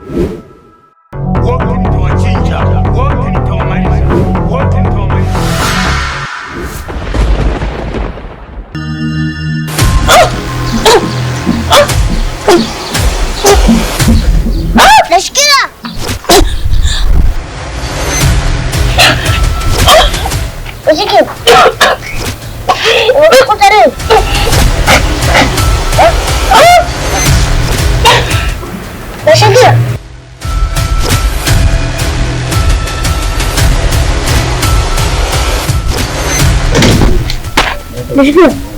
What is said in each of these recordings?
you 是事。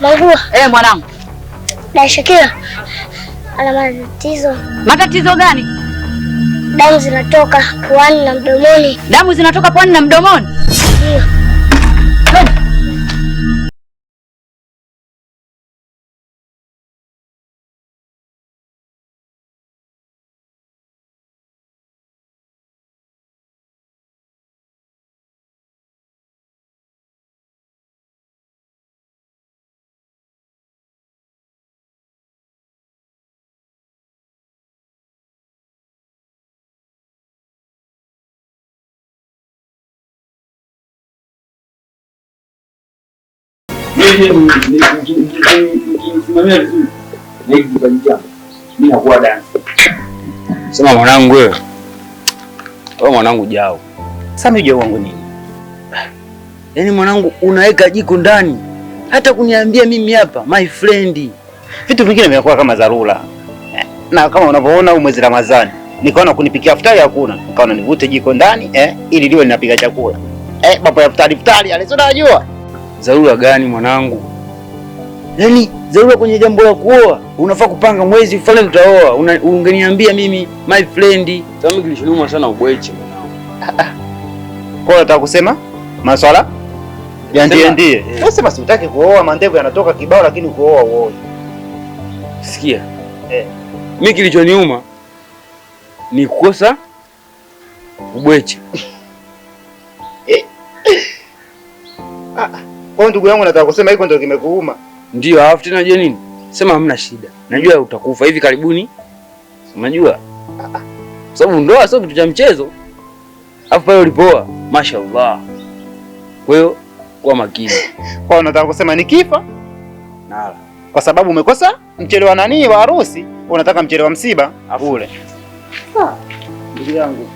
Barua. Eh, mwanangu. Daishakia ana matatizo. Matatizo gani? Damu zinatoka puani na mdomoni. Damu zinatoka puani na mdomoni? Ndio. mkimsimamia Sema mwanangu, wewe wewe mwanangu jao. Sasa mimi jao wangu nini? Yaani mwanangu, unaweka jiko ndani hata kuniambia mimi hapa, my friend, vitu vingine vinakuwa kama dharura, eh, na kama unavyoona huu mwezi Ramadhani nikaona kunipikia futari hakuna, nikaona nivute jiko ndani eh, ili liwe linapiga chakula eh, bapo ya futari futari alizonajua dharura gani mwanangu? Yaani dharura kwenye jambo la kuoa, unafaa kupanga mwezi fulani utaoa. Ungeniambia mimi my friend, sababu kilishinuma sana ubweche mwanangu. Ah, ah. Kwa nataka kusema maswala ya ndiye ndiye. Eh. Sasa basi utaki kuoa, mandevu yanatoka kibao, lakini kuoa uoe. Sikia. Eh. Mimi kilichoniuma ni kukosa ubweche. Eh. Ah. ah. Kwa hiyo ndugu yangu, nataka kusema hiko ndio kimekuuma. Ndio, alafu tena je nini? Sema hamna shida, najua utakufa hivi karibuni, unajua kwa sababu ndoa sio kitu cha mchezo. Alafu pale ulipoa, mashaallah. Kwa hiyo kuwa makini. Kwa hiyo nataka kusema nikifa nala, kwa sababu umekosa mchele wa nani wa harusi, unataka mchele wa msiba ule. Sawa ah, ndugu yangu,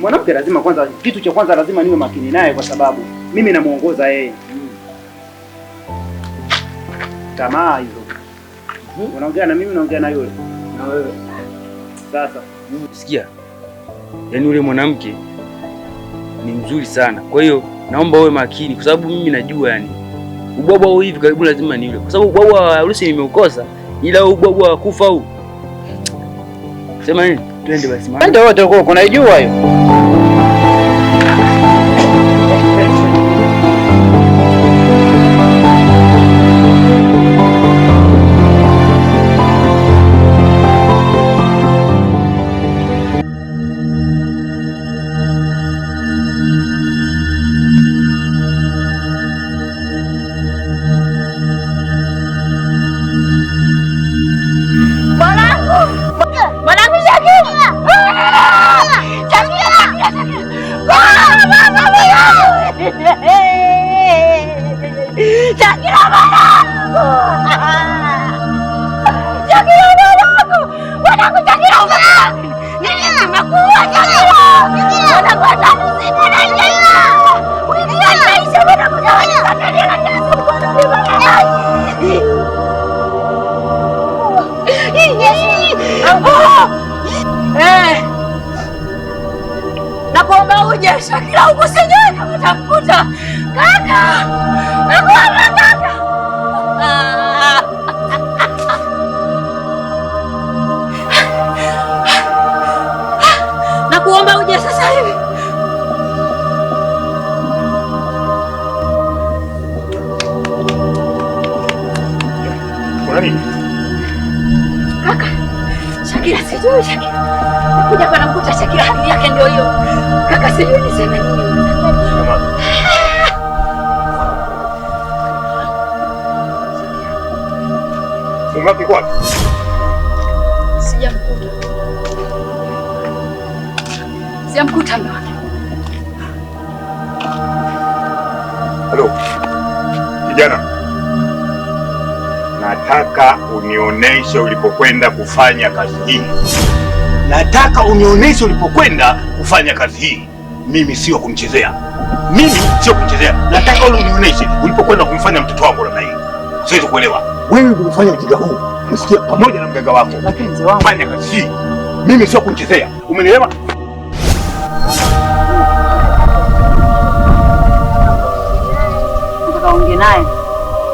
mwanamke lazima kwanza, kitu cha kwanza lazima niwe makini naye, kwa sababu mimi namuongoza yeye tamaa hizo. Mhm. Unaongea na mimi, unaongea na yule na wewe sasa. Sikia, yaani yule mwanamke ni mzuri sana, kwa hiyo naomba uwe makini, kwa sababu mimi najua yani ubwabwa huu hivi karibu lazima ni yule, kwa sababu ubwabwa wa harusi nimeukosa, ila ubwabwa wa kufa huu, sema nini? Twende basi, twende wote huko, unaijua hiyo Kuja Shakila, huko sijui kama takuta kaka vizuri Shakira. Nakuja hapa namkuta Shakira hali yake ndio hiyo. Kaka sijui niseme nini. Umapi Sijamkuta. Sijamkuta mimi. Halo. Kijana. Nataka unionyeshe ulipokwenda kufanya kazi hii. Nataka unionyeshe ulipokwenda kufanya kazi hii. Mimi sio kumchezea, mimi sio kumchezea. Nataka unionyeshe ulipokwenda kumfanya mtoto wako namna hii. Siwezi kuelewa wewe umefanya ujinga huu, msikia pamoja na mganga wako. Fanya kazi hii, mimi sio kumchezea, umenielewa? Unataka naye?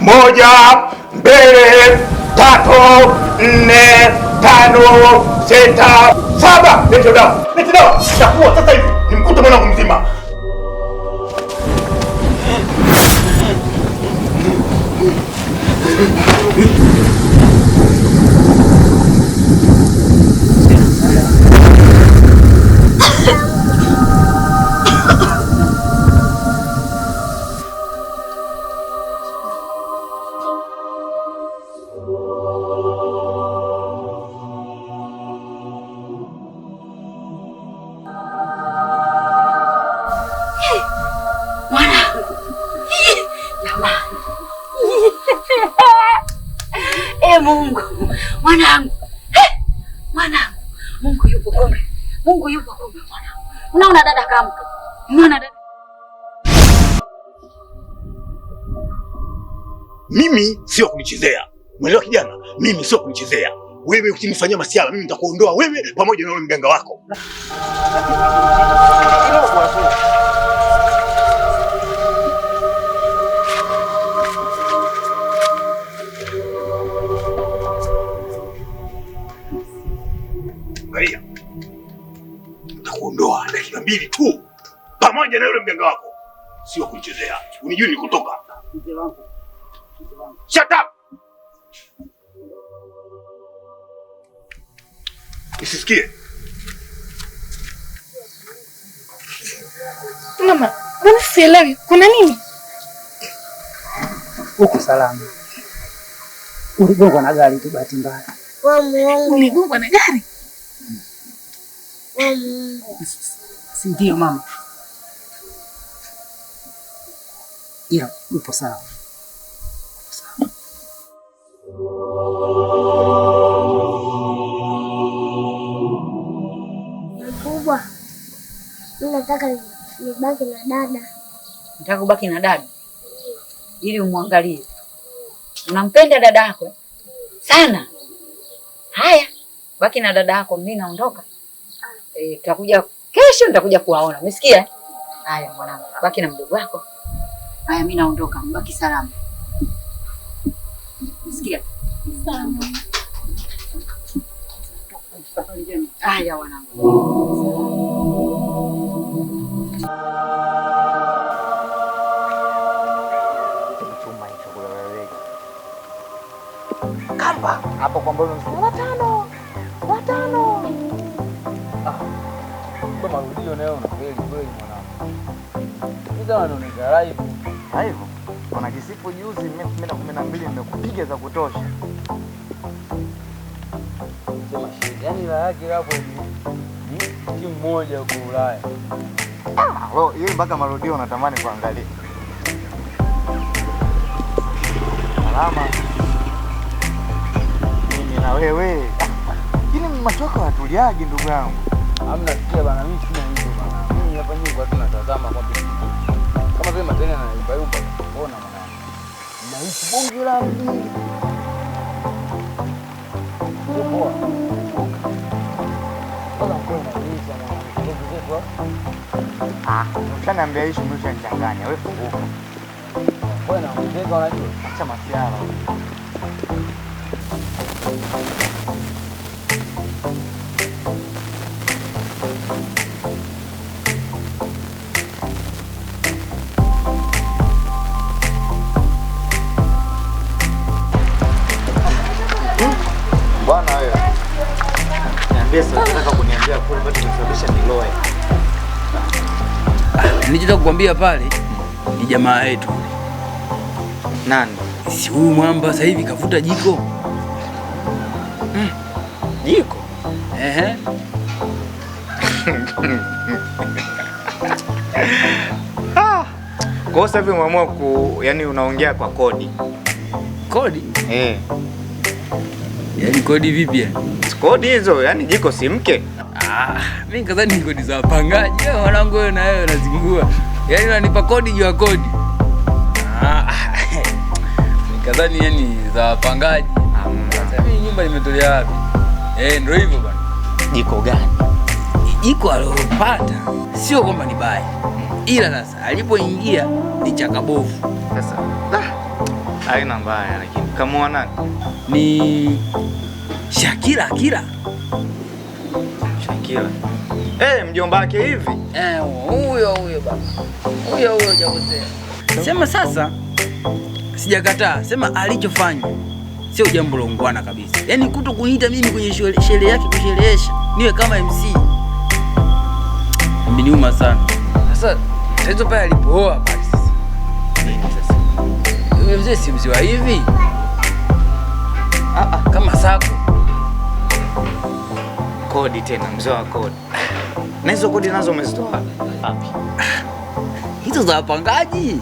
Moja, mbele, tatu, nne, tano, sita, saba. Let it down. Let it down. Itakuwa sasa hivi nimkute mwanangu mzima. Mimi sio kunichezea. Mwelewa kijana, mimi sio kunichezea. Wewe ukinifanyia masiala mimi nitakuondoa wewe pamoja na yule mganga wako. Maria, nitakuondoa dakika mbili tu pamoja na yule mganga wako. Sio kunichezea. Unijui nilikotoka. Mzee wangu Shut up. Isisikie. Mama, mbona sielewi? Kuna nini? Uko salama? Uligongwa na gari tu bahati mbaya. Wewe muongo. Uligongwa na gari? Wewe muongo. Si ndio mama? Ila upo sawa. mkubwa, mimi nataka nibaki na dada. Nataka ubaki na dada ili umwangalie. Unampenda dada yako sana. Haya, baki na dada yako, mimi naondoka. Eh, tutakuja kesho, nitakuja kuwaona. Umesikia? Haya mwanangu, baki na mdogo wako. Haya, mimi naondoka, mbaki salama. Umesikia? Salama safari njema. Ah, Haya wanangu, kamba hapo kwa mbona watano watano ah, marudio nayo na kweli kweli mwanangu, hivyo kuna kisipo juzi, mimi na kumi na mbili nimekupiga za kutosha yani la yake hapo timu moja huko Ulaya. Lo, ah, hiyo mpaka marudio unatamani kuangalia. Salama. Mimi na wewe. kini machoka watuliaje ndugu yangu? Hamna sikia bana, mimi sina hizo bana. Mimi hapa nyumba tu natazama kwa bibi. Kama vile matena na yumba yumba. Ona mwanangu. bonge la mjini before. ushaniambia hii shughuli Wewe funguka. Bwana, mzee kwa Acha masiara. nachotaka kukwambia pale ni jamaa yetu nani, si huyu mwamba sasa hivi kafuta jiko mm. Jiko ehe. Ah. Kwa sasa hivi umeamua ku, yani unaongea kwa kodi kodi eh. Yani kodi vipi? Kodi hizo yani jiko si mke mimi ah, kadhani ni kodi za wapangaji wanangu, eh, wewe na wewe unazingua, yaani unanipa kodi juu ya kodi. Mimi ah, kadhani yani za wapangaji. Ah, sasa mimi nyumba nimetolea wapi? Eh, ndio hivyo bwana. Jiko gani? Jiko alopata sio kwamba ni baya, ila sasa alipoingia ni chakabovu. Sasa aina mbaya, lakini kama wana ni Shakira Akira Shakila. Eh, hey, mjomba wake hivi? Eh, huyo huyo baba. Huyo huyo Jabotela. Sema sasa sijakataa. Sema alichofanya sio jambo la ungwana kabisa. Yaani kuto kuniita mimi kwenye sherehe yake kusherehesha niwe kama MC. Imeniuma sana. Sasa tatizo pale alipooa basi. Sasa. Mzee si mzee wa hivi. Ah ah, kama sako kodi tena, mzee wa kodi. Na hizo kodi nazo umezitoa wapi? Hizo za wapangaji.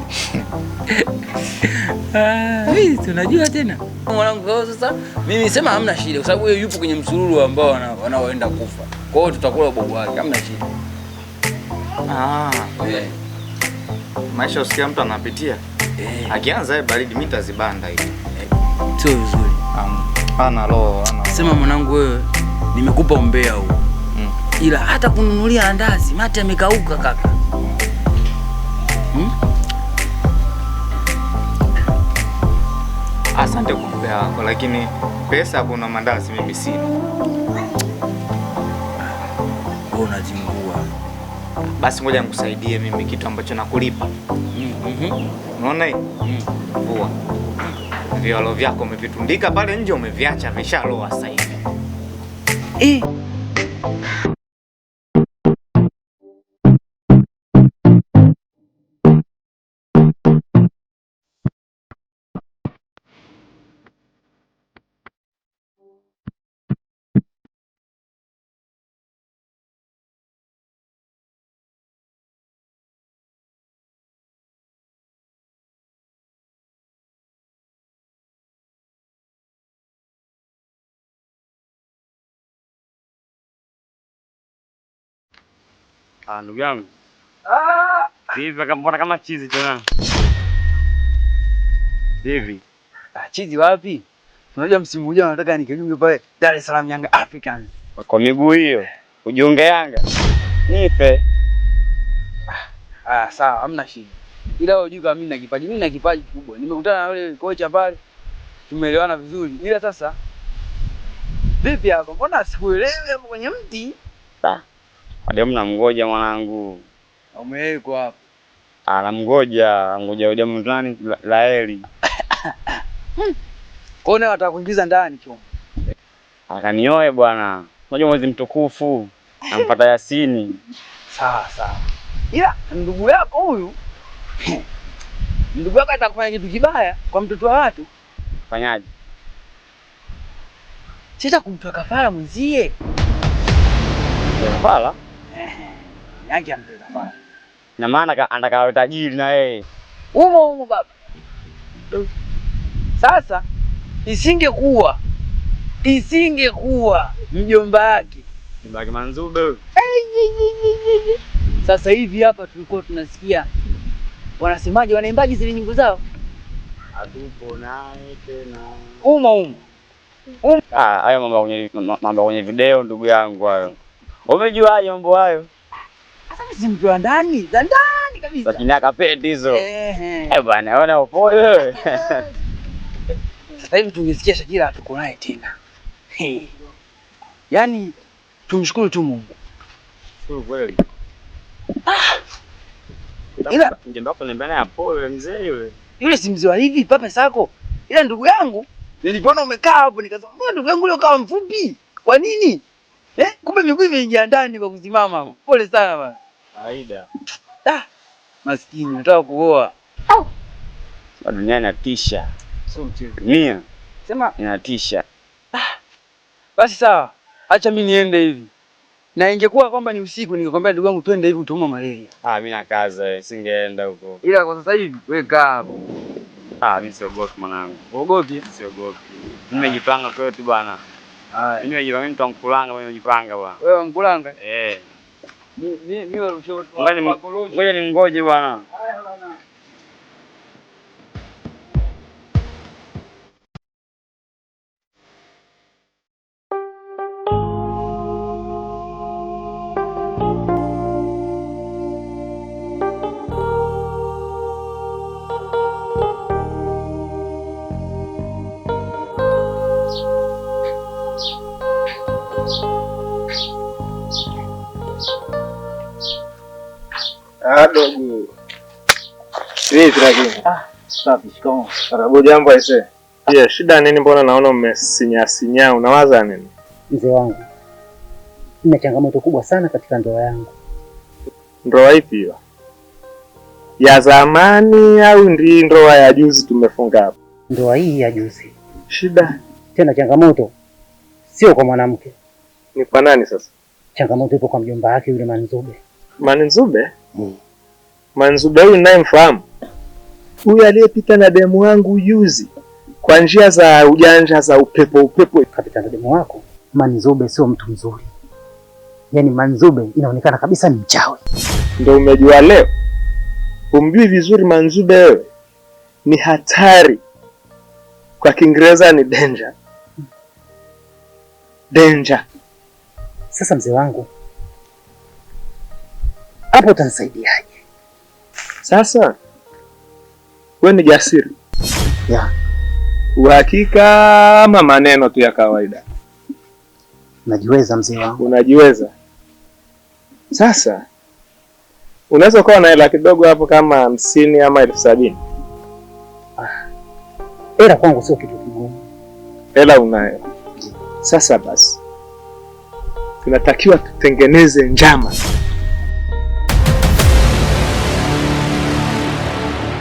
Mimi ah, tunajua tena. Mwanangu sasa mimi sema hamna shida kwa sababu yeye yupo kwenye msururu ambao wanaoenda kufa. Kwa hiyo tutakula bobo wake, hamna shida. Ah, yeah. Maisha usikia mtu anapitia. Eh. Akianza yeye baridi mimi tazibanda hivi. Eh, sio vizuri. Ana roho, ana. Sema mwanangu wewe nimekupa umbea huu mm. ila hata kununulia andazi mate amekauka kaka mm. Asante kwa umbea wako, lakini pesa kuna mandazi mimi sina. Unajingua. Basi ngoja nikusaidie mimi kitu ambacho nakulipa. Mm-hmm. Unaona hii? Mm. Vua violo vyako umevitundika pale nje, umeviacha vishaloa sasa hivi. E. Eh. Ah, ndugu yangu. Ah! Hivi mbona kama chizi tena? Hivi. Ah, chizi wapi? Unajua msimu ujao nataka nikijiunge pale Dar es Salaam Yanga Africans. Kwa miguu hiyo, ujiunge Yanga. Nipe. Ah, ah sawa, hamna shida. Ila unajua kama mimi nina kipaji, mimi nina kipaji kubwa. Nimekutana na yule kocha pale. Tumeelewana vizuri. Ila sasa vipi hapo? Mbona sikuelewi hapo kwenye mti? Ah. Ademu namngoja mwanangu. Umewahi kwa hapa? Ah, namngoja, ngoja Adamu ndani laheri. Hmm. Kwa nini watakuingiza ndani choma? Akanioe bwana. Unajua mwezi mtukufu nampata Yasini. Sawa sawa. Ila ndugu yako huyu ndugu yako atakufanya kitu kibaya kwa mtoto wa watu. Fanyaje? Sita kumtoa kafara mwenzie. Kafara? yangi amtenda na maana awe tajiri na yeye Umo umo baba. Sasa isingekuwa isingekuwa mjomba wake Manzube, sasa hivi hapa tulikuwa tunasikia wanasemaje, wanaimbaji zile nyimbo zao, hatupo naye tena, uma um- Ah, hayo mambo kwenye video. Ndugu yangu, hayo umejuaje mambo hayo? Sasa mtu wa ndani, za ndani kabisa. Sasa kina hizo. Eh eh. Bwana, ona upo wewe. Sasa hivi tungesikia Shakira tuko naye tena. Yaani tumshukuru tu Mungu. Shukuru kweli. Ah. Ila ndio nilembana ya pole mzee yule. Yule si mzee wa hivi Papa Sako. Ila ndugu yangu nilipoona umekaa hapo nikasema, "Mbona ndugu yangu leo kama mfupi? Kwa nini?" Eh, kumbe miguu imeingia ndani kwa kusimama. Pole sana bwana. Aida. Ah, maskini nataka kuoa. Au. Oh. Dunia inatisha. Sio mchezo. Mia. Sema inatisha. Ah. Basi sawa. Acha mimi niende hivi. Na ingekuwa kwamba ni usiku ningekwambia ndugu yangu twende hivi utaumwa malaria. Ah, mimi na nakaza wewe, eh, singeenda huko. Ila kwa sasa hivi wewe kaa hapo. Ah, mimi siogopi mwanangu. Uogopi? Siogopi. Nimejipanga hiyo tu bwana. Haya. Mimi nimejipanga nitamkulanga, mimi nimejipanga bwana. Wewe unkulanga? Eh. Ngoja ningoje bwana. Dogo vipi? Lakini ah, safi. Shikamoo. Karibu. Jambo aisee. Je, shida nini? Mbona naona umesinyasinya unawaza nini? Mzee wangu, nina changamoto kubwa sana katika ndoa yangu. Ndoa ipi hiyo? Ya zamani au ndi ndoa ya juzi tumefunga hapo? Ndoa hii ya juzi. Shida tena changamoto sio kwa mwanamke, ni kwa nani sasa? Changamoto ipo kwa mjomba wake yule Manzube. Manzube? Hmm. Manzuda huyu ninayemfahamu huyu aliyepita na demu wangu juzi kwa njia za ujanja za upepo upepo. Kapita na demu wako? Manzube sio mtu mzuri, yaani Manzube inaonekana kabisa ni mchawi. Ndio umejua leo, umjui vizuri Manzube wewe? Ni hatari, kwa Kiingereza ni danger. Danger. Sasa mzee wangu hapo utanisaidiaje? Sasa we ni jasiri ya Uhakika ama maneno tu ya kawaida? Najiweza mzee wangu. Unajiweza. Sasa unaweza ukawa na hela kidogo hapo kama hamsini ama elfu sabini. Ah, hela ah, kwangu sio kitu kigumu. Hela unayo. Sasa basi tunatakiwa tutengeneze njama